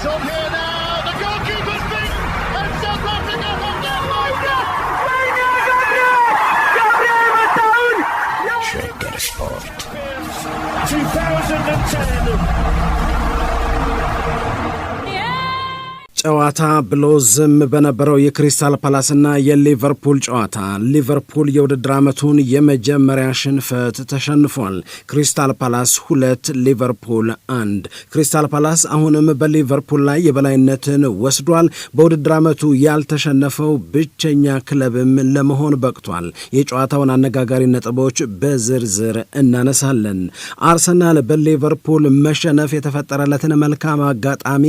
It's on here. ጨዋታ ብሎ ዝም በነበረው የክሪስታል ፓላስና የሊቨርፑል ጨዋታ ሊቨርፑል የውድድር ዓመቱን የመጀመሪያ ሽንፈት ተሸንፏል። ክሪስታል ፓላስ ሁለት ሊቨርፑል አንድ። ክሪስታል ፓላስ አሁንም በሊቨርፑል ላይ የበላይነትን ወስዷል። በውድድር ዓመቱ ያልተሸነፈው ብቸኛ ክለብም ለመሆን በቅቷል። የጨዋታውን አነጋጋሪ ነጥቦች በዝርዝር እናነሳለን። አርሰናል በሊቨርፑል መሸነፍ የተፈጠረለትን መልካም አጋጣሚ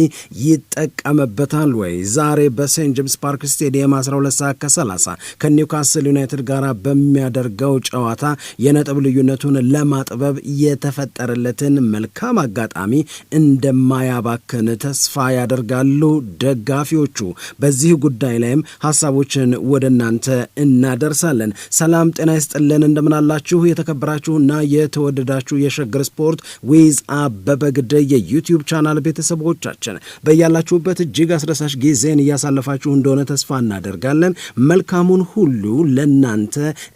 ይጠቀመ ይደርሱበታል ወይ? ዛሬ በሴንት ጄምስ ፓርክ ስቴዲየም 12 ሰዓት ከ30 ከኒውካስል ዩናይትድ ጋር በሚያደርገው ጨዋታ የነጥብ ልዩነቱን ለማጥበብ የተፈጠረለትን መልካም አጋጣሚ እንደማያባክን ተስፋ ያደርጋሉ ደጋፊዎቹ። በዚህ ጉዳይ ላይም ሀሳቦችን ወደ እናንተ እናደርሳለን። ሰላም ጤና ይስጥልን፣ እንደምናላችሁ የተከበራችሁና የተወደዳችሁ የሸገር ስፖርት ዊዝ አበበ ግደይ የዩቲዩብ ቻናል ቤተሰቦቻችን በያላችሁበት እጅግ እጅግ አስደሳች ጊዜን እያሳለፋችሁ እንደሆነ ተስፋ እናደርጋለን። መልካሙን ሁሉ ለእናንተ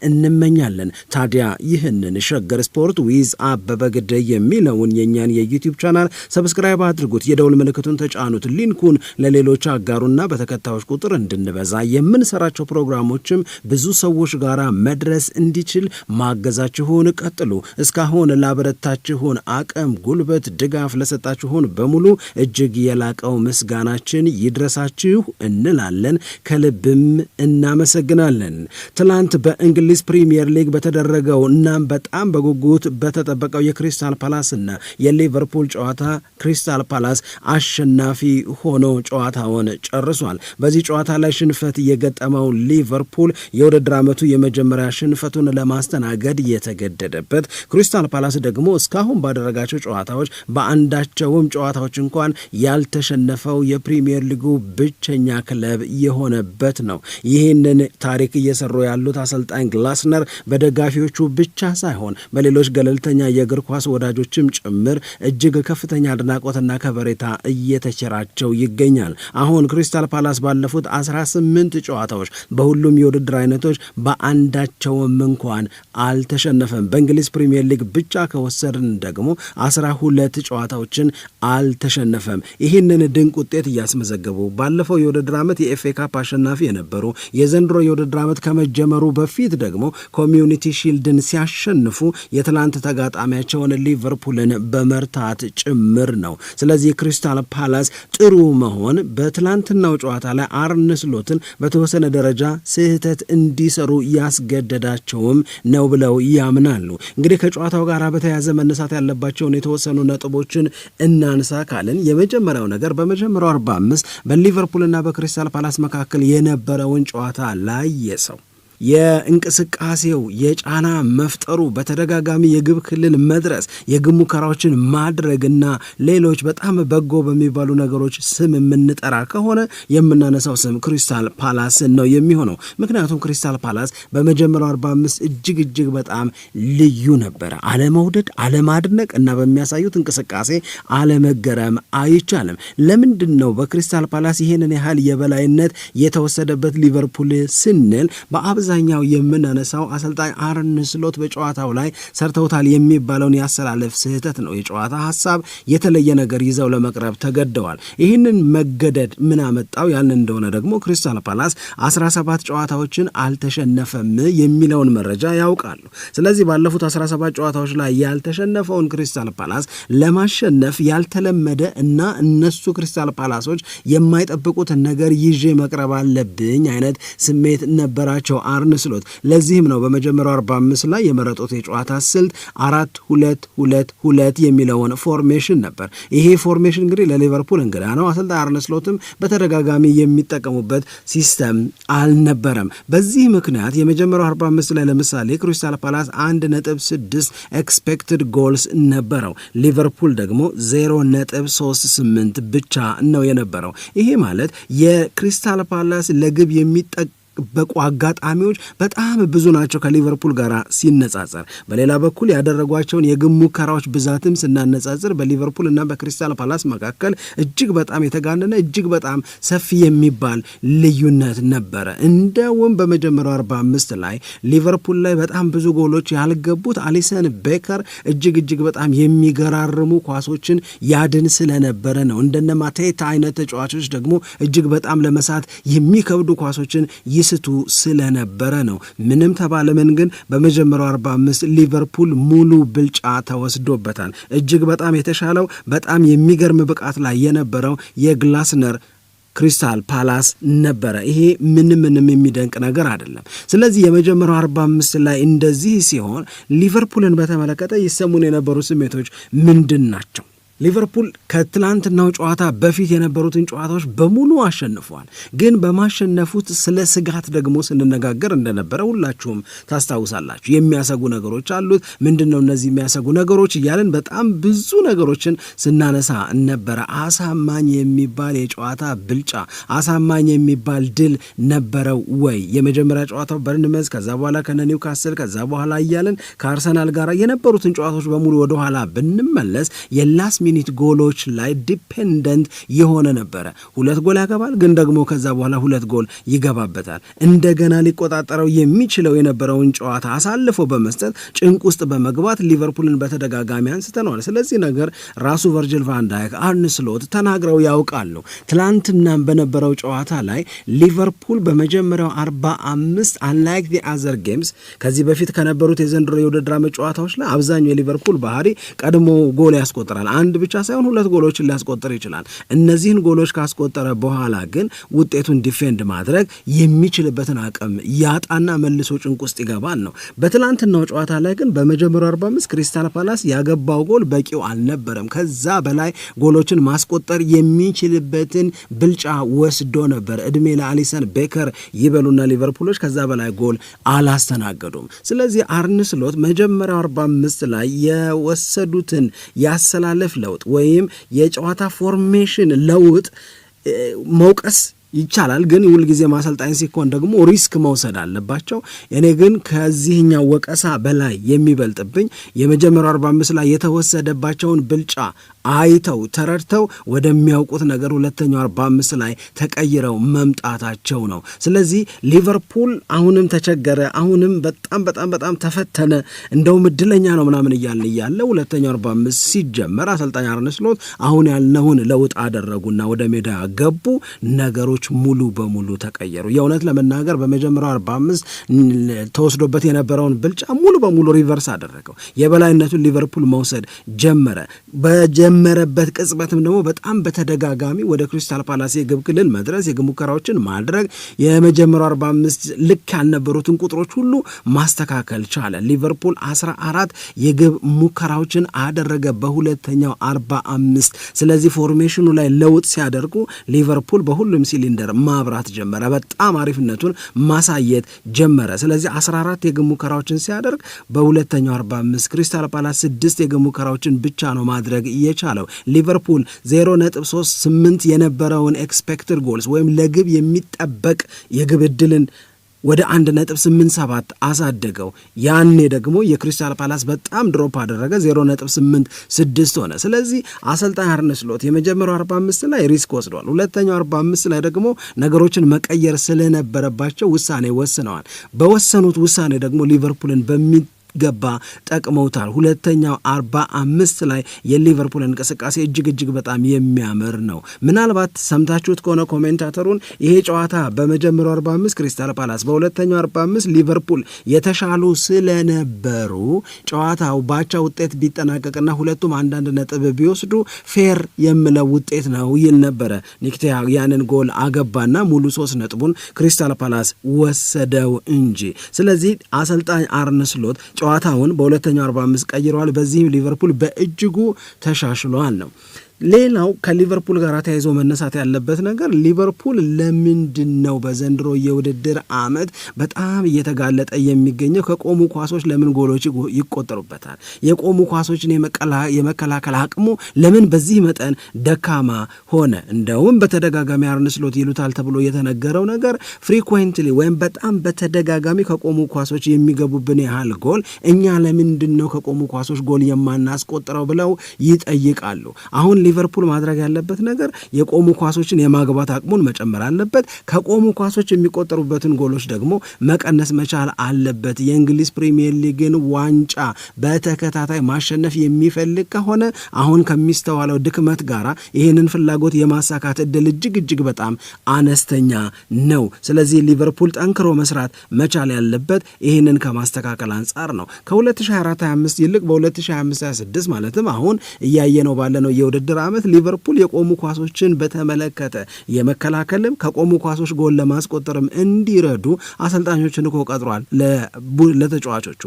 እንመኛለን። ታዲያ ይህንን ሸገር ስፖርት ዊዝ አበበ ግደይ የሚለውን የእኛን የዩቲዩብ ቻናል ሰብስክራይብ አድርጉት፣ የደውል ምልክቱን ተጫኑት፣ ሊንኩን ለሌሎች አጋሩና በተከታዮች ቁጥር እንድንበዛ የምንሰራቸው ፕሮግራሞችም ብዙ ሰዎች ጋር መድረስ እንዲችል ማገዛችሁን ቀጥሉ። እስካሁን ላበረታችሁን አቅም፣ ጉልበት፣ ድጋፍ ለሰጣችሁን በሙሉ እጅግ የላቀው ምስጋናችን በዓላችን ይድረሳችሁ እንላለን። ከልብም እናመሰግናለን። ትላንት በእንግሊዝ ፕሪምየር ሊግ በተደረገው እናም በጣም በጉጉት በተጠበቀው የክሪስታል ፓላስና የሊቨርፑል ጨዋታ ክሪስታል ፓላስ አሸናፊ ሆኖ ጨዋታውን ጨርሷል። በዚህ ጨዋታ ላይ ሽንፈት የገጠመው ሊቨርፑል የውድድር ዓመቱ የመጀመሪያ ሽንፈቱን ለማስተናገድ የተገደደበት፣ ክሪስታል ፓላስ ደግሞ እስካሁን ባደረጋቸው ጨዋታዎች በአንዳቸውም ጨዋታዎች እንኳን ያልተሸነፈው የፕሪሚየር የፕሪምየር ሊጉ ብቸኛ ክለብ የሆነበት ነው። ይህንን ታሪክ እየሰሩ ያሉት አሰልጣኝ ግላስነር በደጋፊዎቹ ብቻ ሳይሆን በሌሎች ገለልተኛ የእግር ኳስ ወዳጆችም ጭምር እጅግ ከፍተኛ አድናቆትና ከበሬታ እየተቸራቸው ይገኛል። አሁን ክሪስታል ፓላስ ባለፉት 18 ጨዋታዎች በሁሉም የውድድር አይነቶች በአንዳቸውም እንኳን አልተሸነፈም። በእንግሊዝ ፕሪምየር ሊግ ብቻ ከወሰድን ደግሞ 12 ጨዋታዎችን አልተሸነፈም። ይህንን ድንቅ ውጤት እያስመ ያስመዘገቡ ባለፈው የውድድር ዓመት የኤፍኤ ካፕ አሸናፊ የነበሩ የዘንድሮ የውድድር ዓመት ከመጀመሩ በፊት ደግሞ ኮሚዩኒቲ ሺልድን ሲያሸንፉ የትላንት ተጋጣሚያቸውን ሊቨርፑልን በመርታት ጭምር ነው። ስለዚህ ክሪስታል ፓላስ ጥሩ መሆን በትላንትናው ጨዋታ ላይ አርነ ስሎትን በተወሰነ ደረጃ ስህተት እንዲሰሩ ያስገደዳቸውም ነው ብለው ያምናሉ። እንግዲህ ከጨዋታው ጋር በተያያዘ መነሳት ያለባቸውን የተወሰኑ ነጥቦችን እናንሳ ካልን የመጀመሪያው ነገር በመጀመሪያው አርባ አምስት በሊቨርፑልና በክሪስታል ፓላስ መካከል የነበረውን ጨዋታ ላይ የሰው የእንቅስቃሴው የጫና መፍጠሩ፣ በተደጋጋሚ የግብ ክልል መድረስ፣ የግብ ሙከራዎችን ማድረግ እና ሌሎች በጣም በጎ በሚባሉ ነገሮች ስም የምንጠራ ከሆነ የምናነሳው ስም ክሪስታል ፓላስን ነው የሚሆነው። ምክንያቱም ክሪስታል ፓላስ በመጀመሪያው 45 እጅግ እጅግ በጣም ልዩ ነበረ። አለመውደድ፣ አለማድነቅ እና በሚያሳዩት እንቅስቃሴ አለመገረም አይቻልም። ለምንድን ነው በክሪስታል ፓላስ ይሄንን ያህል የበላይነት የተወሰደበት ሊቨርፑል ስንል በአብዛ በአብዛኛው የምናነሳው አሰልጣኝ አርን ስሎት በጨዋታው ላይ ሰርተውታል የሚባለውን ያሰላለፍ ስህተት ነው። የጨዋታ ሀሳብ የተለየ ነገር ይዘው ለመቅረብ ተገደዋል። ይህንን መገደድ ምን አመጣው ያልን እንደሆነ ደግሞ ክሪስታል ፓላስ 17 ጨዋታዎችን አልተሸነፈም የሚለውን መረጃ ያውቃሉ። ስለዚህ ባለፉት 17 ጨዋታዎች ላይ ያልተሸነፈውን ክሪስታል ፓላስ ለማሸነፍ ያልተለመደ እና እነሱ ክሪስታል ፓላሶች የማይጠብቁትን ነገር ይዤ መቅረብ አለብኝ አይነት ስሜት ነበራቸው። አርነ ስሎት። ለዚህም ነው በመጀመሪያው 45 ላይ የመረጡት የጨዋታ ስልት አራት ሁለት ሁለት ሁለት የሚለውን ፎርሜሽን ነበር። ይሄ ፎርሜሽን እንግዲህ ለሊቨርፑል እንግዳ ነው። አሰልጣኝ አርነ ስሎትም በተደጋጋሚ የሚጠቀሙበት ሲስተም አልነበረም። በዚህ ምክንያት የመጀመሪያው 45 ላይ ለምሳሌ ክሪስታል ፓላስ አንድ ነጥብ ስድስት ኤክስፔክትድ ጎልስ ነበረው። ሊቨርፑል ደግሞ ዜሮ ነጥብ ሶስት ስምንት ብቻ ነው የነበረው። ይሄ ማለት የክሪስታል ፓላስ ለግብ የሚጠቀ የሚጠበቁ አጋጣሚዎች በጣም ብዙ ናቸው ከሊቨርፑል ጋር ሲነጻጸር። በሌላ በኩል ያደረጓቸውን የግብ ሙከራዎች ብዛትም ስናነጻጽር በሊቨርፑል እና በክሪስታል ፓላስ መካከል እጅግ በጣም የተጋነነ እጅግ በጣም ሰፊ የሚባል ልዩነት ነበረ። እንደውም በመጀመሪያው 45 ላይ ሊቨርፑል ላይ በጣም ብዙ ጎሎች ያልገቡት አሊሰን ቤከር እጅግ እጅግ በጣም የሚገራርሙ ኳሶችን ያድን ስለነበረ ነው። እንደነ ማቴታ አይነት ተጫዋቾች ደግሞ እጅግ በጣም ለመሳት የሚከብዱ ኳሶችን ይ ይስቱ ስለነበረ ነው። ምንም ተባለምን ግን በመጀመሪያው 45 ሊቨርፑል ሙሉ ብልጫ ተወስዶበታል። እጅግ በጣም የተሻለው በጣም የሚገርም ብቃት ላይ የነበረው የግላስነር ክሪስታል ፓላስ ነበረ። ይሄ ምንም ምንም የሚደንቅ ነገር አይደለም። ስለዚህ የመጀመሪያው 45 ላይ እንደዚህ ሲሆን ሊቨርፑልን በተመለከተ ይሰሙን የነበሩ ስሜቶች ምንድን ናቸው? ሊቨርፑል ከትላንትናው ጨዋታ በፊት የነበሩትን ጨዋታዎች በሙሉ አሸንፏል። ግን በማሸነፉት ስለ ስጋት ደግሞ ስንነጋገር እንደነበረ ሁላችሁም ታስታውሳላችሁ። የሚያሰጉ ነገሮች አሉት። ምንድን ነው እነዚህ የሚያሰጉ ነገሮች እያለን በጣም ብዙ ነገሮችን ስናነሳ ነበረ። አሳማኝ የሚባል የጨዋታ ብልጫ፣ አሳማኝ የሚባል ድል ነበረው ወይ? የመጀመሪያ ጨዋታው በርንመዝ፣ ከዛ በኋላ ከነ ከዛ በኋላ እያለን ከአርሰናል ጋር የነበሩትን ጨዋታዎች በሙሉ ወደኋላ ብንመለስ የላስ ሚኒት ጎሎች ላይ ዲፔንደንት የሆነ ነበረ። ሁለት ጎል ያገባል፣ ግን ደግሞ ከዛ በኋላ ሁለት ጎል ይገባበታል። እንደገና ሊቆጣጠረው የሚችለው የነበረውን ጨዋታ አሳልፎ በመስጠት ጭንቅ ውስጥ በመግባት ሊቨርፑልን በተደጋጋሚ አንስተነዋል። ስለዚህ ነገር ራሱ ቨርጅል ቫንዳይክ አርነ ስሎት ተናግረው ያውቃሉ። ትላንትናም በነበረው ጨዋታ ላይ ሊቨርፑል በመጀመሪያው አርባ አምስት አንላይክ ዲ አዘር ጌምስ ከዚህ በፊት ከነበሩት የዘንድሮ የውድድር ዓመት ጨዋታዎች ላይ አብዛኛው የሊቨርፑል ባህሪ ቀድሞ ጎል ያስቆጥራል። አንድ አንድ ብቻ ሳይሆን ሁለት ጎሎችን ሊያስቆጥር ይችላል። እነዚህን ጎሎች ካስቆጠረ በኋላ ግን ውጤቱን ዲፌንድ ማድረግ የሚችልበትን አቅም ያጣና መልሶ ጭንቅ ውስጥ ይገባል ነው። በትላንትናው ጨዋታ ላይ ግን በመጀመሪያው 45 ክሪስታል ፓላስ ያገባው ጎል በቂው አልነበረም። ከዛ በላይ ጎሎችን ማስቆጠር የሚችልበትን ብልጫ ወስዶ ነበር። እድሜ ለአሊሰን ቤከር ይበሉና ሊቨርፑሎች ከዛ በላይ ጎል አላስተናገዱም። ስለዚህ አርንስሎት መጀመሪያው 45 ላይ የወሰዱትን ያሰላለፍ ለውጥ ወይም የጨዋታ ፎርሜሽን ለውጥ መውቀስ ይቻላል ግን ሁልጊዜ ማሰልጣኝ ሲኮን ደግሞ ሪስክ መውሰድ አለባቸው። እኔ ግን ከዚህኛው ወቀሳ በላይ የሚበልጥብኝ የመጀመሪያው 45 ላይ የተወሰደባቸውን ብልጫ አይተው ተረድተው ወደሚያውቁት ነገር ሁለተኛው 45 ላይ ተቀይረው መምጣታቸው ነው። ስለዚህ ሊቨርፑል አሁንም ተቸገረ፣ አሁንም በጣም በጣም በጣም ተፈተነ፣ እንደውም እድለኛ ነው ምናምን እያልን እያለ ሁለተኛው 45 ሲጀመር አሰልጣኝ አርነ ስሎት አሁን ያልነውን ለውጥ አደረጉና ወደ ሜዳ ገቡ። ነገሮች ሙሉ በሙሉ ተቀየሩ። የእውነት ለመናገር በመጀመሪያው 45 ተወስዶበት የነበረውን ብልጫ ሙሉ በሙሉ ሪቨርስ አደረገው። የበላይነቱን ሊቨርፑል መውሰድ ጀመረ። በጀመረበት ቅጽበትም ደግሞ በጣም በተደጋጋሚ ወደ ክሪስታል ፓላስ የግብ ክልል መድረስ የግብ ሙከራዎችን ማድረግ የመጀመሪያው 45 ልክ ያልነበሩትን ቁጥሮች ሁሉ ማስተካከል ቻለ። ሊቨርፑል 14 የግብ ሙከራዎችን አደረገ በሁለተኛው 45። ስለዚህ ፎርሜሽኑ ላይ ለውጥ ሲያደርጉ ሊቨርፑል በሁሉም ሲሊንደር ማብራት ጀመረ። በጣም አሪፍነቱን ማሳየት ጀመረ። ስለዚህ 14 የግብ ሙከራዎችን ሲያደርግ በሁለተኛው 45 ክሪስታል ፓላስ ስድስት የግብ ሙከራዎችን ብቻ ነው ማድረግ እየቻ የቻለው። ሊቨርፑል 0.38 የነበረውን ኤክስፔክትድ ጎልስ ወይም ለግብ የሚጠበቅ የግብ እድልን ወደ 1.87 አሳደገው። ያኔ ደግሞ የክሪስታል ፓላስ በጣም ድሮፕ አደረገ፣ 0.86 ሆነ። ስለዚህ አሰልጣኝ አርነ ስሎት የመጀመሪያው 45 ላይ ሪስክ ወስደዋል። ሁለተኛው 45 ላይ ደግሞ ነገሮችን መቀየር ስለነበረባቸው ውሳኔ ወስነዋል። በወሰኑት ውሳኔ ደግሞ ሊቨርፑልን በሚ ገባ፣ ጠቅመውታል። ሁለተኛው አርባ አምስት ላይ የሊቨርፑል እንቅስቃሴ እጅግ እጅግ በጣም የሚያምር ነው። ምናልባት ሰምታችሁት ከሆነ ኮሜንታተሩን ይሄ ጨዋታ በመጀመሪያው 45 ክሪስታል ፓላስ፣ በሁለተኛው 45 ሊቨርፑል የተሻሉ ስለነበሩ ጨዋታው ባቻ ውጤት ቢጠናቀቅና ሁለቱም አንዳንድ ነጥብ ቢወስዱ ፌር የምለው ውጤት ነው ይል ነበረ። ኒክቲያ ያንን ጎል አገባና ሙሉ ሶስት ነጥቡን ክሪስታል ፓላስ ወሰደው እንጂ ስለዚህ አሰልጣኝ አርነ ስሎት ጨዋታውን በሁለተኛው 45 ቀይረዋል። በዚህም ሊቨርፑል በእጅጉ ተሻሽለዋል ነው ሌላው ከሊቨርፑል ጋር ተያይዞ መነሳት ያለበት ነገር ሊቨርፑል ለምንድን ነው በዘንድሮ የውድድር አመት በጣም እየተጋለጠ የሚገኘው? ከቆሙ ኳሶች ለምን ጎሎች ይቆጠሩበታል? የቆሙ ኳሶችን የመከላከል አቅሙ ለምን በዚህ መጠን ደካማ ሆነ? እንደውም በተደጋጋሚ አርነ ስሎት ይሉታል ተብሎ የተነገረው ነገር ፍሪኩዌንትሊ ወይም በጣም በተደጋጋሚ ከቆሙ ኳሶች የሚገቡብን ያህል ጎል እኛ ለምንድን ነው ከቆሙ ኳሶች ጎል የማናስቆጥረው ብለው ይጠይቃሉ። አሁን ሊቨርፑል ማድረግ ያለበት ነገር የቆሙ ኳሶችን የማግባት አቅሙን መጨመር አለበት። ከቆሙ ኳሶች የሚቆጠሩበትን ጎሎች ደግሞ መቀነስ መቻል አለበት። የእንግሊዝ ፕሪሚየር ሊግን ዋንጫ በተከታታይ ማሸነፍ የሚፈልግ ከሆነ አሁን ከሚስተዋለው ድክመት ጋር ይህንን ፍላጎት የማሳካት እድል እጅግ እጅግ በጣም አነስተኛ ነው። ስለዚህ ሊቨርፑል ጠንክሮ መስራት መቻል ያለበት ይህንን ከማስተካከል አንጻር ነው። ከ2024/25 ይልቅ በ2025/26 ማለትም አሁን እያየነው ባለነው የውድድር የውድድር ዓመት ሊቨርፑል የቆሙ ኳሶችን በተመለከተ የመከላከልም ከቆሙ ኳሶች ጎል ለማስቆጠርም እንዲረዱ አሰልጣኞችን እኮ ቀጥሯል። ለተጫዋቾቹ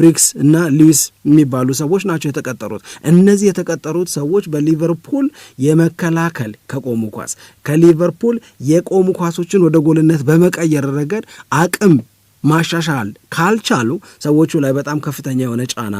ብሪክስ እና ሉዊስ የሚባሉ ሰዎች ናቸው የተቀጠሩት። እነዚህ የተቀጠሩት ሰዎች በሊቨርፑል የመከላከል ከቆሙ ኳስ ከሊቨርፑል የቆሙ ኳሶችን ወደ ጎልነት በመቀየር ረገድ አቅም ማሻሻል ካልቻሉ ሰዎቹ ላይ በጣም ከፍተኛ የሆነ ጫና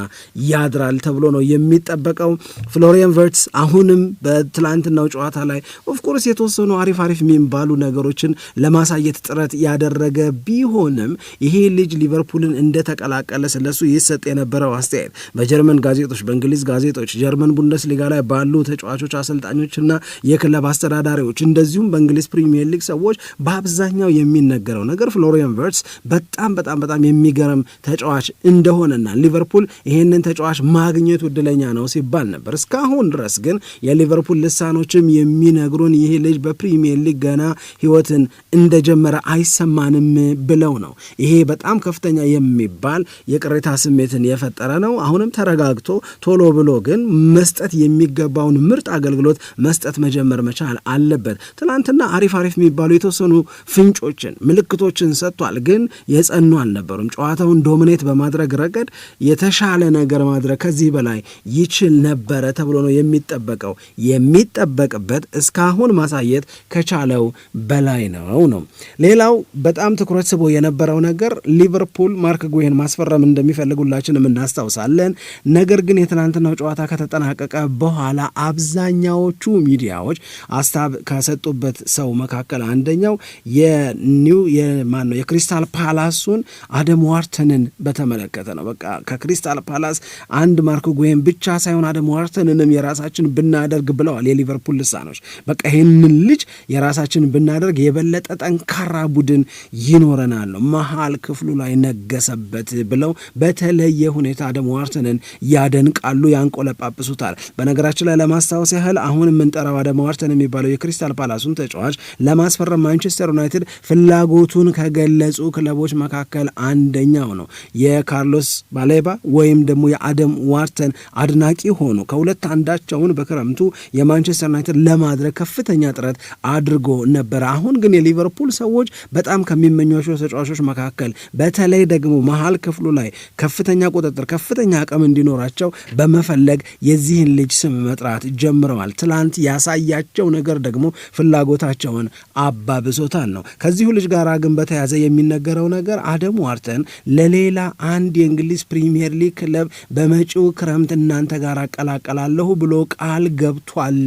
ያድራል ተብሎ ነው የሚጠበቀው። ፍሎሪየን ቨርትስ አሁንም በትላንትናው ጨዋታ ላይ ኦፍኮርስ የተወሰኑ አሪፍ አሪፍ የሚባሉ ነገሮችን ለማሳየት ጥረት ያደረገ ቢሆንም ይሄ ልጅ ሊቨርፑልን እንደተቀላቀለ ስለሱ ይሰጥ የነበረው አስተያየት በጀርመን ጋዜጦች፣ በእንግሊዝ ጋዜጦች፣ ጀርመን ቡንደስሊጋ ላይ ባሉ ተጫዋቾች፣ አሰልጣኞችና የክለብ አስተዳዳሪዎች እንደዚሁም በእንግሊዝ ፕሪሚየር ሊግ ሰዎች በአብዛኛው የሚነገረው ነገር ፍሎሪየን ቨርትስ በጣም በጣም በጣም የሚገርም ተጫዋች እንደሆነና ሊቨርፑል ይህንን ተጫዋች ማግኘቱ እድለኛ ነው ሲባል ነበር። እስካሁን ድረስ ግን የሊቨርፑል ልሳኖችም የሚነግሩን ይህ ልጅ በፕሪሚየር ሊግ ገና ህይወትን እንደጀመረ አይሰማንም ብለው ነው። ይሄ በጣም ከፍተኛ የሚባል የቅሬታ ስሜትን የፈጠረ ነው። አሁንም ተረጋግቶ ቶሎ ብሎ ግን መስጠት የሚገባውን ምርጥ አገልግሎት መስጠት መጀመር መቻል አለበት። ትናንትና አሪፍ አሪፍ የሚባሉ የተወሰኑ ፍንጮችን፣ ምልክቶችን ሰጥቷል፣ ግን የጸኑ አልነበሩም። ጨዋታውን ዶሚኔት በማድረግ ረገድ የተሻለ ነገር ማድረግ ከዚህ በላይ ይችል ነበረ ተብሎ ነው የሚጠበቀው። የሚጠበቅበት እስካሁን ማሳየት ከቻለው በላይ ነው ነው። ሌላው በጣም ትኩረት ስቦ የነበረው ነገር ሊቨርፑል ማርክ ጉሄን ማስፈረም እንደሚፈልጉላችንም እናስታውሳለን። ነገር ግን የትናንትናው ጨዋታ ከተጠናቀቀ በኋላ አብዛኛዎቹ ሚዲያዎች አስታብ ከሰጡበት ሰው መካከል አንደኛው የኒው የማን ነው የክሪስታል ፓላሱን አደም አደምዋርተንን በተመለከተ ነው። በቃ ከክሪስታል ፓላስ አንድ ማርኮ ጉሄን ብቻ ሳይሆን አደምዋርተንንም የራሳችን ብናደርግ ብለዋል የሊቨርፑል ልሳኖች። በቃ ይህንን ልጅ የራሳችን ብናደርግ የበለጠ ጠንካራ ቡድን ይኖረናል ነው መሀል ክፍሉ ላይ ነገሰበት ብለው በተለየ ሁኔታ አደምዋርተንን ያደንቃሉ፣ ያንቆለጳጵሱታል። በነገራችን ላይ ለማስታወስ ያህል አሁን የምንጠራው አደምዋርተን የሚባለው የክሪስታል ፓላሱን ተጫዋች ለማስፈረም ማንቸስተር ዩናይትድ ፍላጎቱን ከገለጹ ክለቦች መካከል አንዱ አንደኛው ነው። የካርሎስ ባሌባ ወይም ደግሞ የአደም ዋርተን አድናቂ ሆኖ ከሁለት አንዳቸውን በክረምቱ የማንቸስተር ዩናይትድ ለማድረግ ከፍተኛ ጥረት አድርጎ ነበረ። አሁን ግን የሊቨርፑል ሰዎች በጣም ከሚመኟቸው ተጫዋቾች መካከል በተለይ ደግሞ መሀል ክፍሉ ላይ ከፍተኛ ቁጥጥር፣ ከፍተኛ አቅም እንዲኖራቸው በመፈለግ የዚህን ልጅ ስም መጥራት ጀምረዋል። ትላንት ያሳያቸው ነገር ደግሞ ፍላጎታቸውን አባብሶታል ነው። ከዚሁ ልጅ ጋር ግን በተያዘ የሚነገረው ነገር አደም ዋርተን ዩናይትድን ለሌላ አንድ የእንግሊዝ ፕሪምየር ሊግ ክለብ በመጪው ክረምት እናንተ ጋር አቀላቀላለሁ ብሎ ቃል ገብቷል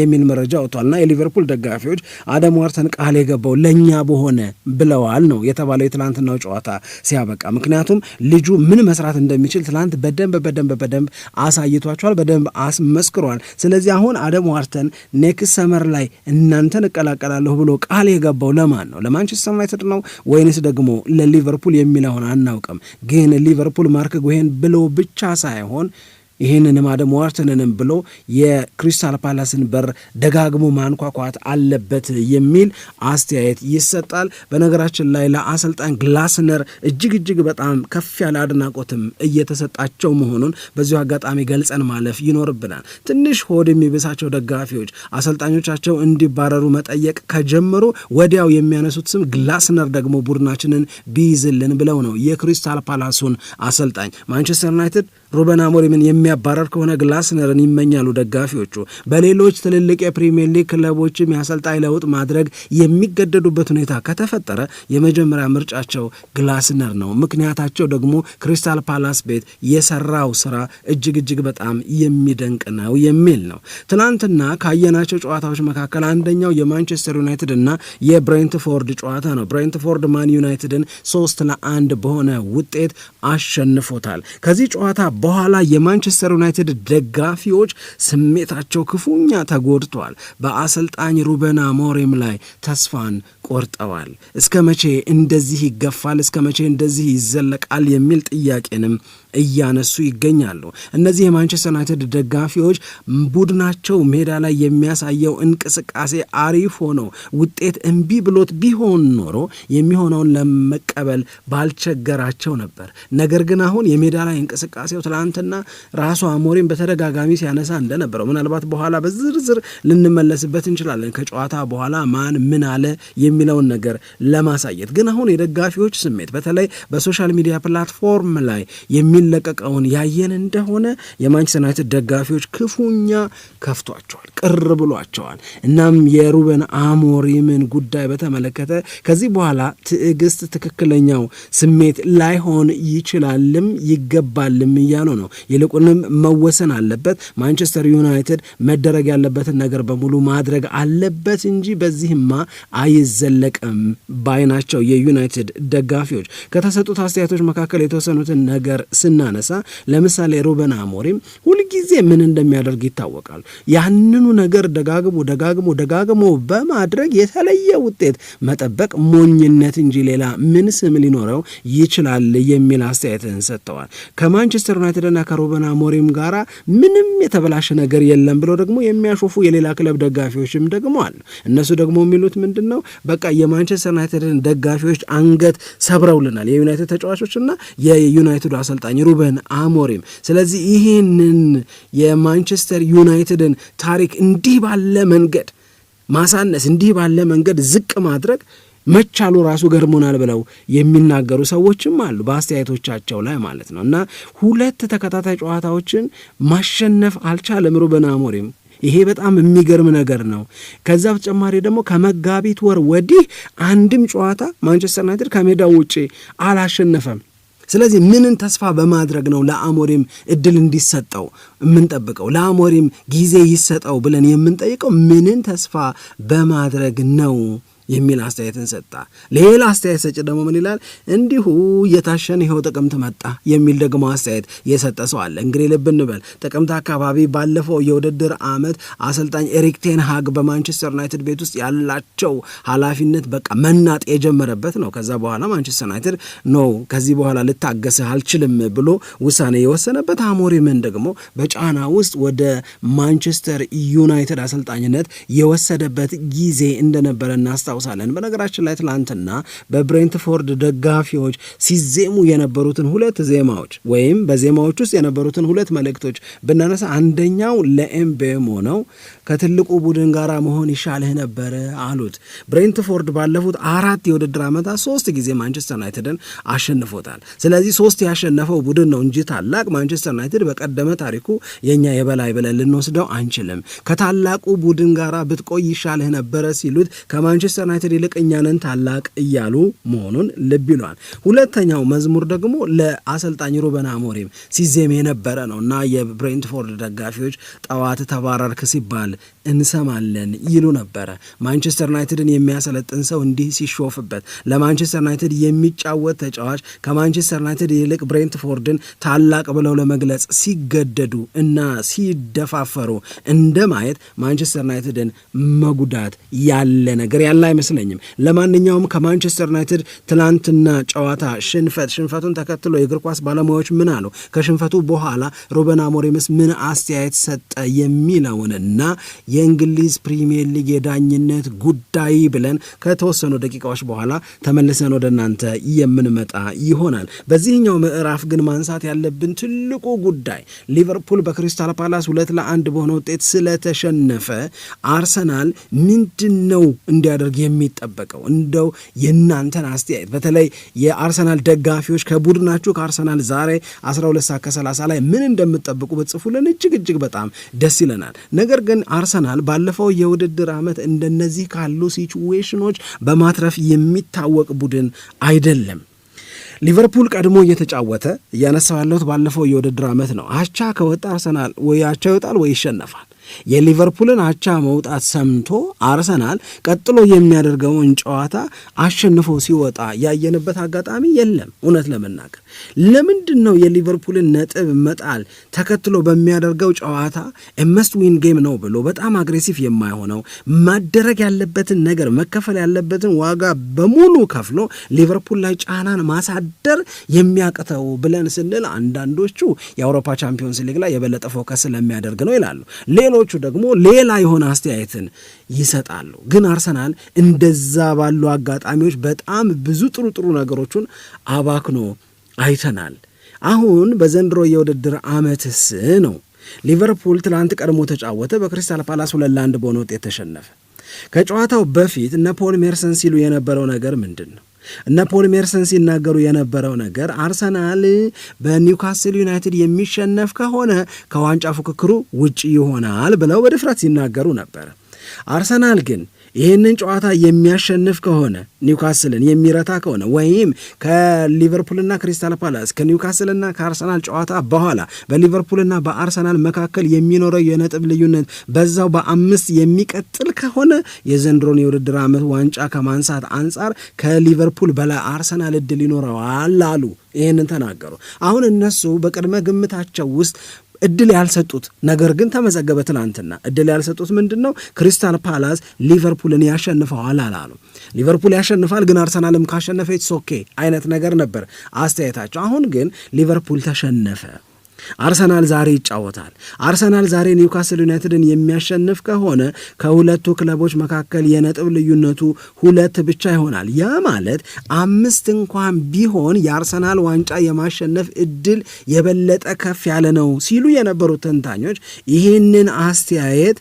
የሚል መረጃ ወጥቷልና የሊቨርፑል ደጋፊዎች አደም ዋርተን ቃል የገባው ለእኛ በሆነ ብለዋል ነው የተባለው የትላንትናው ጨዋታ ሲያበቃ። ምክንያቱም ልጁ ምን መስራት እንደሚችል ትላንት በደንብ በደንብ በደንብ አሳይቷቸዋል፣ በደንብ አስመስክሯል። ስለዚህ አሁን አደም ዋርተን ኔክስት ሰመር ላይ እናንተን እቀላቀላለሁ ብሎ ቃል የገባው ለማን ነው? ለማንቸስተር ዩናይትድ ነው ወይንስ ደግሞ ለሊቨርፑል የሚል የሚለውን አናውቅም። ግን ሊቨርፑል ማርክ ጉሄን ብሎ ብቻ ሳይሆን ይህንን ማደ ሟርትንንም ብሎ የክሪስታል ፓላስን በር ደጋግሞ ማንኳኳት አለበት የሚል አስተያየት ይሰጣል። በነገራችን ላይ ለአሰልጣኝ ግላስነር እጅግ እጅግ በጣም ከፍ ያለ አድናቆትም እየተሰጣቸው መሆኑን በዚሁ አጋጣሚ ገልጸን ማለፍ ይኖርብናል። ትንሽ ሆድ የሚብሳቸው ደጋፊዎች አሰልጣኞቻቸው እንዲባረሩ መጠየቅ ከጀመሩ ወዲያው የሚያነሱት ስም ግላስነር ደግሞ ቡድናችንን ቢይዝልን ብለው ነው የክሪስታል ፓላሱን አሰልጣኝ ማንቸስተር ዩናይትድ ሩበን አሞሪምን የሚያባረር ከሆነ ግላስነርን ይመኛሉ ደጋፊዎቹ። በሌሎች ትልልቅ የፕሪሚየር ሊግ ክለቦችም የአሰልጣኝ ለውጥ ማድረግ የሚገደዱበት ሁኔታ ከተፈጠረ የመጀመሪያ ምርጫቸው ግላስነር ነው። ምክንያታቸው ደግሞ ክሪስታል ፓላስ ቤት የሰራው ስራ እጅግ እጅግ በጣም የሚደንቅ ነው የሚል ነው። ትናንትና ካየናቸው ጨዋታዎች መካከል አንደኛው የማንቸስተር ዩናይትድ እና የብሬንትፎርድ ጨዋታ ነው። ብሬንትፎርድ ማን ዩናይትድን ሶስት ለአንድ በሆነ ውጤት አሸንፎታል። ከዚህ ጨዋታ በኋላ የማንቸስተር ዩናይትድ ደጋፊዎች ስሜታቸው ክፉኛ ተጎድቷል። በአሰልጣኝ ሩበን አሞሪም ላይ ተስፋን ቆርጠዋል። እስከ መቼ እንደዚህ ይገፋል? እስከ መቼ እንደዚህ ይዘለቃል? የሚል ጥያቄንም እያነሱ ይገኛሉ። እነዚህ የማንቸስተር ዩናይትድ ደጋፊዎች ቡድናቸው ሜዳ ላይ የሚያሳየው እንቅስቃሴ አሪፍ ሆኖ ውጤት እምቢ ብሎት ቢሆን ኖሮ የሚሆነውን ለመቀበል ባልቸገራቸው ነበር። ነገር ግን አሁን የሜዳ ላይ እንቅስቃሴው ትላንትና ራሱ አሞሪም በተደጋጋሚ ሲያነሳ እንደነበረው ምናልባት በኋላ በዝርዝር ልንመለስበት እንችላለን ከጨዋታ በኋላ ማን ምን አለ የሚለውን ነገር ለማሳየት ግን አሁን የደጋፊዎች ስሜት በተለይ በሶሻል ሚዲያ ፕላትፎርም ላይ የሚለቀቀውን ያየን እንደሆነ የማንቸስተር ዩናይትድ ደጋፊዎች ክፉኛ ከፍቷቸዋል፣ ቅር ብሏቸዋል። እናም የሩበን አሞሪምን ጉዳይ በተመለከተ ከዚህ በኋላ ትዕግስት ትክክለኛው ስሜት ላይሆን ይችላልም ይገባልም እያሉ ነው። ይልቁንም መወሰን አለበት። ማንቸስተር ዩናይትድ መደረግ ያለበትን ነገር በሙሉ ማድረግ አለበት እንጂ በዚህማ አይዘለቅም ባይ ናቸው የዩናይትድ ደጋፊዎች። ከተሰጡት አስተያየቶች መካከል የተወሰኑትን ነገር ስናነሳ ለምሳሌ ሩበን አሞሪም ሁልጊዜ ምን እንደሚያደርግ ይታወቃል። ያንኑ ነገር ደጋግሞ ደጋግሞ ደጋግሞ በማድረግ የተለየ ውጤት መጠበቅ ሞኝነት እንጂ ሌላ ምን ስም ሊኖረው ይችላል የሚል አስተያየትን ሰጥተዋል። ከማንቸስተር ና ከሩበን አሞሪም ጋራ ምንም የተበላሸ ነገር የለም ብለው ደግሞ የሚያሾፉ የሌላ ክለብ ደጋፊዎችም ደግሞ አሉ። እነሱ ደግሞ የሚሉት ምንድን ነው? በቃ የማንቸስተር ዩናይትድን ደጋፊዎች አንገት ሰብረውልናል የዩናይትድ ተጫዋቾችና የዩናይትዱ አሰልጣኝ ሩበን አሞሪም። ስለዚህ ይህንን የማንቸስተር ዩናይትድን ታሪክ እንዲህ ባለ መንገድ ማሳነስ እንዲህ ባለ መንገድ ዝቅ ማድረግ መቻሉ ራሱ ገርሞናል ብለው የሚናገሩ ሰዎችም አሉ በአስተያየቶቻቸው ላይ ማለት ነው። እና ሁለት ተከታታይ ጨዋታዎችን ማሸነፍ አልቻለም ሩበን አሞሪም። ይሄ በጣም የሚገርም ነገር ነው። ከዛ በተጨማሪ ደግሞ ከመጋቢት ወር ወዲህ አንድም ጨዋታ ማንቸስተር ዩናይትድ ከሜዳው ውጪ አላሸነፈም። ስለዚህ ምንን ተስፋ በማድረግ ነው ለአሞሪም እድል እንዲሰጠው የምንጠብቀው? ለአሞሪም ጊዜ ይሰጠው ብለን የምንጠይቀው ምንን ተስፋ በማድረግ ነው? የሚል አስተያየትን ሰጣ። ሌላ አስተያየት ሰጭ ደግሞ ምን ይላል? እንዲሁ እየታሸን ይኸው ጥቅምት መጣ የሚል ደግሞ አስተያየት የሰጠ ሰው አለ። እንግዲህ ልብ እንበል ጥቅምት አካባቢ ባለፈው የውድድር ዓመት አሰልጣኝ ኤሪክ ቴንሃግ በማንቸስተር ዩናይትድ ቤት ውስጥ ያላቸው ኃላፊነት በቃ መናጥ የጀመረበት ነው። ከዛ በኋላ ማንቸስተር ዩናይትድ ነው ከዚህ በኋላ ልታገስህ አልችልም ብሎ ውሳኔ የወሰነበት አሞሪምን ደግሞ በጫና ውስጥ ወደ ማንቸስተር ዩናይትድ አሰልጣኝነት የወሰደበት ጊዜ እንደነበረ እናስታ እናስታውሳለን። በነገራችን ላይ ትላንትና በብሬንትፎርድ ደጋፊዎች ሲዜሙ የነበሩትን ሁለት ዜማዎች ወይም በዜማዎች ውስጥ የነበሩትን ሁለት መልእክቶች ብናነሳ አንደኛው ለኤምቤሞ ነው። ከትልቁ ቡድን ጋር መሆን ይሻልህ ነበር አሉት። ብሬንትፎርድ ባለፉት አራት የውድድር ዓመታት ሶስት ጊዜ ማንቸስተር ዩናይትድን አሸንፎታል። ስለዚህ ሶስት ያሸነፈው ቡድን ነው እንጂ ታላቅ ማንቸስተር ዩናይትድ በቀደመ ታሪኩ የእኛ የበላይ ብለን ልንወስደው አንችልም። ከታላቁ ቡድን ጋር ብትቆይ ይሻልህ ነበረ ሲሉት ከማንቸስተር ዩናይትድ ይልቅ እኛንን ታላቅ እያሉ መሆኑን ልብ ይሏል። ሁለተኛው መዝሙር ደግሞ ለአሰልጣኝ ሩበን አሞሪም ሲዜም የነበረ ነው እና የብሬንትፎርድ ደጋፊዎች ጠዋት ተባረርክ ሲባል እንሰማለን ይሉ ነበረ። ማንቸስተር ዩናይትድን የሚያሰለጥን ሰው እንዲህ ሲሾፍበት፣ ለማንቸስተር ዩናይትድ የሚጫወት ተጫዋች ከማንቸስተር ዩናይትድ ይልቅ ብሬንትፎርድን ታላቅ ብለው ለመግለጽ ሲገደዱ እና ሲደፋፈሩ እንደ ማየት ማንቸስተር ዩናይትድን መጉዳት ያለ ነገር ያለ አይመስለኝም። ለማንኛውም ከማንቸስተር ዩናይትድ ትናንትና ጨዋታ ሽንፈት ሽንፈቱን ተከትሎ የእግር ኳስ ባለሙያዎች ምን አሉ፣ ከሽንፈቱ በኋላ ሩበን አሞሪምስ ምን አስተያየት ሰጠ የሚለውንና የእንግሊዝ ፕሪሚየር ሊግ የዳኝነት ጉዳይ ብለን ከተወሰኑ ደቂቃዎች በኋላ ተመልሰን ወደ እናንተ የምንመጣ ይሆናል። በዚህኛው ምዕራፍ ግን ማንሳት ያለብን ትልቁ ጉዳይ ሊቨርፑል በክሪስታል ፓላስ ሁለት ለአንድ በሆነ ውጤት ስለተሸነፈ አርሰናል ምንድን ነው እንዲያደርግ የሚጠበቀው? እንደው የእናንተን አስተያየት በተለይ የአርሰናል ደጋፊዎች ከቡድናችሁ ከአርሰናል ዛሬ 12 ሰዓት ከ30 ላይ ምን እንደምትጠብቁ ብትጽፉልን እጅግ እጅግ በጣም ደስ ይለናል። ነገር ግን አርሰናል ባለፈው የውድድር ዓመት እንደነዚህ ካሉ ሲችዌሽኖች በማትረፍ የሚታወቅ ቡድን አይደለም። ሊቨርፑል ቀድሞ እየተጫወተ እያነሳው ያለሁት ባለፈው የውድድር ዓመት ነው። አቻ ከወጣ አርሰናል ወይ አቻ ይወጣል ወይ ይሸነፋል። የሊቨርፑልን አቻ መውጣት ሰምቶ አርሰናል ቀጥሎ የሚያደርገውን ጨዋታ አሸንፎ ሲወጣ ያየንበት አጋጣሚ የለም። እውነት ለመናገር ለምንድን ነው የሊቨርፑልን ነጥብ መጣል ተከትሎ በሚያደርገው ጨዋታ ኤመስት ዊን ጌም ነው ብሎ በጣም አግሬሲቭ የማይሆነው ማደረግ ያለበትን ነገር መከፈል ያለበትን ዋጋ በሙሉ ከፍሎ ሊቨርፑል ላይ ጫናን ማሳደር የሚያቅተው ብለን ስንል አንዳንዶቹ የአውሮፓ ቻምፒዮንስ ሊግ ላይ የበለጠ ፎከስ ስለሚያደርግ ነው ይላሉ። ሌሎቹ ደግሞ ሌላ የሆነ አስተያየትን ይሰጣሉ። ግን አርሰናል እንደዛ ባሉ አጋጣሚዎች በጣም ብዙ ጥሩ ጥሩ ነገሮቹን አባክኖ አይተናል። አሁን በዘንድሮ የውድድር ዓመትስ ነው ሊቨርፑል ትላንት ቀድሞ ተጫወተ። በክሪስታል ፓላስ ሁለት ለአንድ በሆነ ውጤት ተሸነፈ። ከጨዋታው በፊት እነ ፖል ሜርሰን ሲሉ የነበረው ነገር ምንድን ነው? እነ ፖል ሜርሰን ሲናገሩ የነበረው ነገር አርሰናል በኒውካስል ዩናይትድ የሚሸነፍ ከሆነ ከዋንጫ ፉክክሩ ውጭ ይሆናል ብለው በድፍረት ሲናገሩ ነበር። አርሰናል ግን ይህንን ጨዋታ የሚያሸንፍ ከሆነ ኒውካስልን የሚረታ ከሆነ ወይም ከሊቨርፑልና ክሪስታል ፓላስ ከኒውካስልና ከአርሰናል ጨዋታ በኋላ በሊቨርፑልና በአርሰናል መካከል የሚኖረው የነጥብ ልዩነት በዛው በአምስት የሚቀጥል ከሆነ የዘንድሮን የውድድር ዓመት ዋንጫ ከማንሳት አንጻር ከሊቨርፑል በላይ አርሰናል እድል ይኖረዋል አሉ። ይህንን ተናገሩ። አሁን እነሱ በቅድመ ግምታቸው ውስጥ እድል ያልሰጡት ነገር ግን ተመዘገበ። ትናንትና እድል ያልሰጡት ምንድን ነው? ክሪስታል ፓላስ ሊቨርፑልን ያሸንፈዋል አላሉ። ሊቨርፑል ያሸንፋል ግን አርሰናልም ካሸነፈ ሶኬ አይነት ነገር ነበር አስተያየታቸው። አሁን ግን ሊቨርፑል ተሸነፈ አርሰናል ዛሬ ይጫወታል። አርሰናል ዛሬ ኒውካስል ዩናይትድን የሚያሸንፍ ከሆነ ከሁለቱ ክለቦች መካከል የነጥብ ልዩነቱ ሁለት ብቻ ይሆናል። ያ ማለት አምስት እንኳን ቢሆን የአርሰናል ዋንጫ የማሸነፍ እድል የበለጠ ከፍ ያለ ነው ሲሉ የነበሩት ተንታኞች ይህንን አስተያየት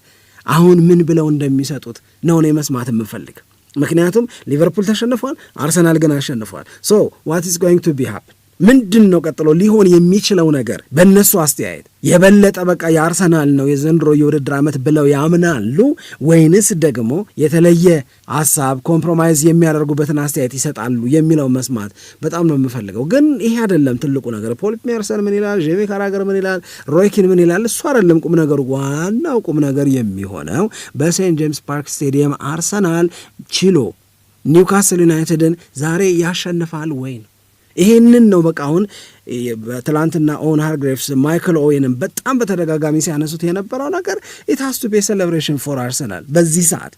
አሁን ምን ብለው እንደሚሰጡት ነው እኔ መስማት የምፈልግ። ምክንያቱም ሊቨርፑል ተሸንፏል፣ አርሰናል ግን አሸንፏል። ሶ ዋት ኢዝ ጎይንግ ቱ ቢ ሃፕን ምንድን ነው ቀጥሎ ሊሆን የሚችለው ነገር? በእነሱ አስተያየት የበለጠ በቃ የአርሰናል ነው የዘንድሮ የውድድር ዓመት ብለው ያምናሉ ወይንስ ደግሞ የተለየ ሀሳብ ኮምፕሮማይዝ የሚያደርጉበትን አስተያየት ይሰጣሉ የሚለው መስማት በጣም ነው የምፈልገው። ግን ይሄ አይደለም ትልቁ ነገር። ፖል ሜርሰን ምን ይላል፣ ጄሚ ካራገር ምን ይላል፣ ሮይኪን ምን ይላል፣ እሱ አይደለም ቁም ነገሩ። ዋናው ቁም ነገር የሚሆነው በሴንት ጄምስ ፓርክ ስቴዲየም አርሰናል ችሎ ኒውካስል ዩናይትድን ዛሬ ያሸንፋል ወይ ነው ይሄንን ነው በቃ አሁን በትላንትና ኦን ሃርግሬቭስ ማይክል ኦዌንን በጣም በተደጋጋሚ ሲያነሱት የነበረው ነገር ኢትሃስ ቱ ቤ ሴሌብሬሽን ፎር አርሰናል። በዚህ ሰዓት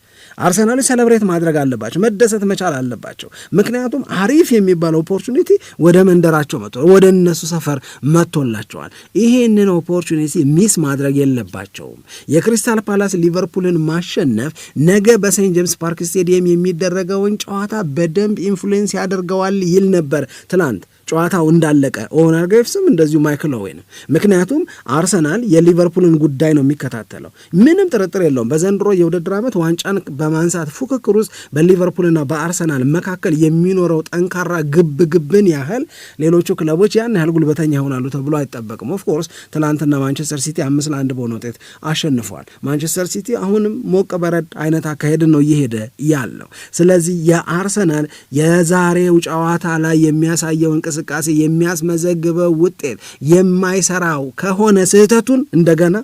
አርሰናሉ ሴሌብሬት ማድረግ አለባቸው፣ መደሰት መቻል አለባቸው። ምክንያቱም አሪፍ የሚባለው ኦፖርቹኒቲ ወደ መንደራቸው መጥቶ ወደ እነሱ ሰፈር መጥቶላቸዋል። ይሄንን ኦፖርቹኒቲ ሚስ ማድረግ የለባቸውም። የክሪስታል ፓላስ ሊቨርፑልን ማሸነፍ ነገ በሴንት ጄምስ ፓርክ ስቴዲየም የሚደረገውን ጨዋታ በደንብ ኢንፍሉዌንስ ያደርገዋል ይል ነበር ትላንት ጨዋታው እንዳለቀ ኦነር አርጋይቭስም እንደዚሁ ማይክል ኦዌን። ምክንያቱም አርሰናል የሊቨርፑልን ጉዳይ ነው የሚከታተለው። ምንም ጥርጥር የለውም። በዘንድሮ የውድድር ዓመት ዋንጫን በማንሳት ፉክክር ውስጥ በሊቨርፑልና በአርሰናል መካከል የሚኖረው ጠንካራ ግብ ግብን ያህል ሌሎቹ ክለቦች ያን ያህል ጉልበተኛ ይሆናሉ ተብሎ አይጠበቅም። ኦፍኮርስ ትላንትና ማንቸስተር ሲቲ አምስት ለአንድ በሆነ ውጤት አሸንፏል። ማንቸስተር ሲቲ አሁንም ሞቅ በረድ አይነት አካሄድን ነው እየሄደ ያለው። ስለዚህ የአርሰናል የዛሬው ጨዋታ ላይ የሚያሳየው እንቅስ እንቅስቃሴ የሚያስመዘግበው ውጤት የማይሰራው ከሆነ ስህተቱን እንደገና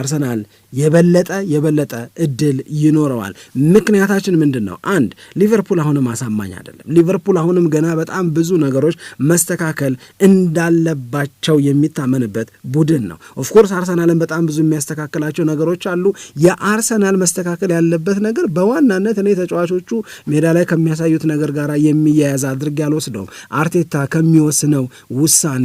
አርሰናል የበለጠ የበለጠ እድል ይኖረዋል። ምክንያታችን ምንድን ነው? አንድ ሊቨርፑል አሁንም አሳማኝ አይደለም። ሊቨርፑል አሁንም ገና በጣም ብዙ ነገሮች መስተካከል እንዳለባቸው የሚታመንበት ቡድን ነው። ኦፍኮርስ አርሰናልን በጣም ብዙ የሚያስተካክላቸው ነገሮች አሉ። የአርሰናል መስተካከል ያለበት ነገር በዋናነት እኔ ተጫዋቾቹ ሜዳ ላይ ከሚያሳዩት ነገር ጋር የሚያያዝ አድርግ ያልወስደው አርቴታ ከሚወስነው ውሳኔ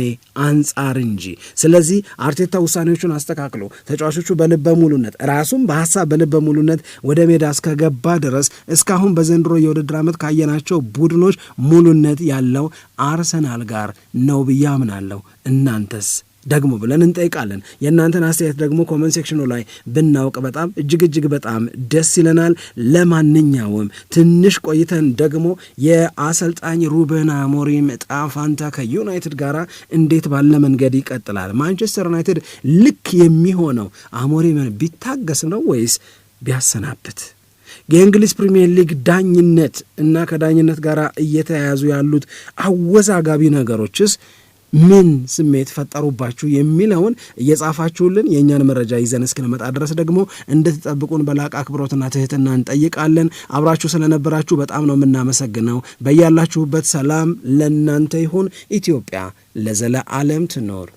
አንጻር እንጂ። ስለዚህ አርቴታ ውሳኔዎቹን አስተካክሎ ተጫዋቾቹ በልበ ሙሉ ሙሉነት ራሱም በሀሳብ በልበ ሙሉነት ወደ ሜዳ እስከገባ ድረስ እስካሁን በዘንድሮ የውድድር ዓመት ካየናቸው ቡድኖች ሙሉነት ያለው አርሰናል ጋር ነው ብዬ አምናለሁ። እናንተስ ደግሞ ብለን እንጠይቃለን። የእናንተን አስተያየት ደግሞ ኮመንት ሴክሽኑ ላይ ብናውቅ በጣም እጅግ እጅግ በጣም ደስ ይለናል። ለማንኛውም ትንሽ ቆይተን ደግሞ የአሰልጣኝ ሩበን አሞሪም ዕጣ ፋንታ ከዩናይትድ ጋር እንዴት ባለ መንገድ ይቀጥላል? ማንቸስተር ዩናይትድ ልክ የሚሆነው አሞሪምን ቢታገስ ነው ወይስ ቢያሰናብት? የእንግሊዝ ፕሪምየር ሊግ ዳኝነት እና ከዳኝነት ጋር እየተያያዙ ያሉት አወዛጋቢ ነገሮችስ ምን ስሜት ፈጠሩባችሁ የሚለውን እየጻፋችሁልን የእኛን መረጃ ይዘን እስክንመጣ ድረስ ደግሞ እንድትጠብቁን በላቅ አክብሮትና ትህትና እንጠይቃለን። አብራችሁ ስለነበራችሁ በጣም ነው የምናመሰግነው። በያላችሁበት ሰላም ለእናንተ ይሁን። ኢትዮጵያ ለዘለዓለም ትኖር።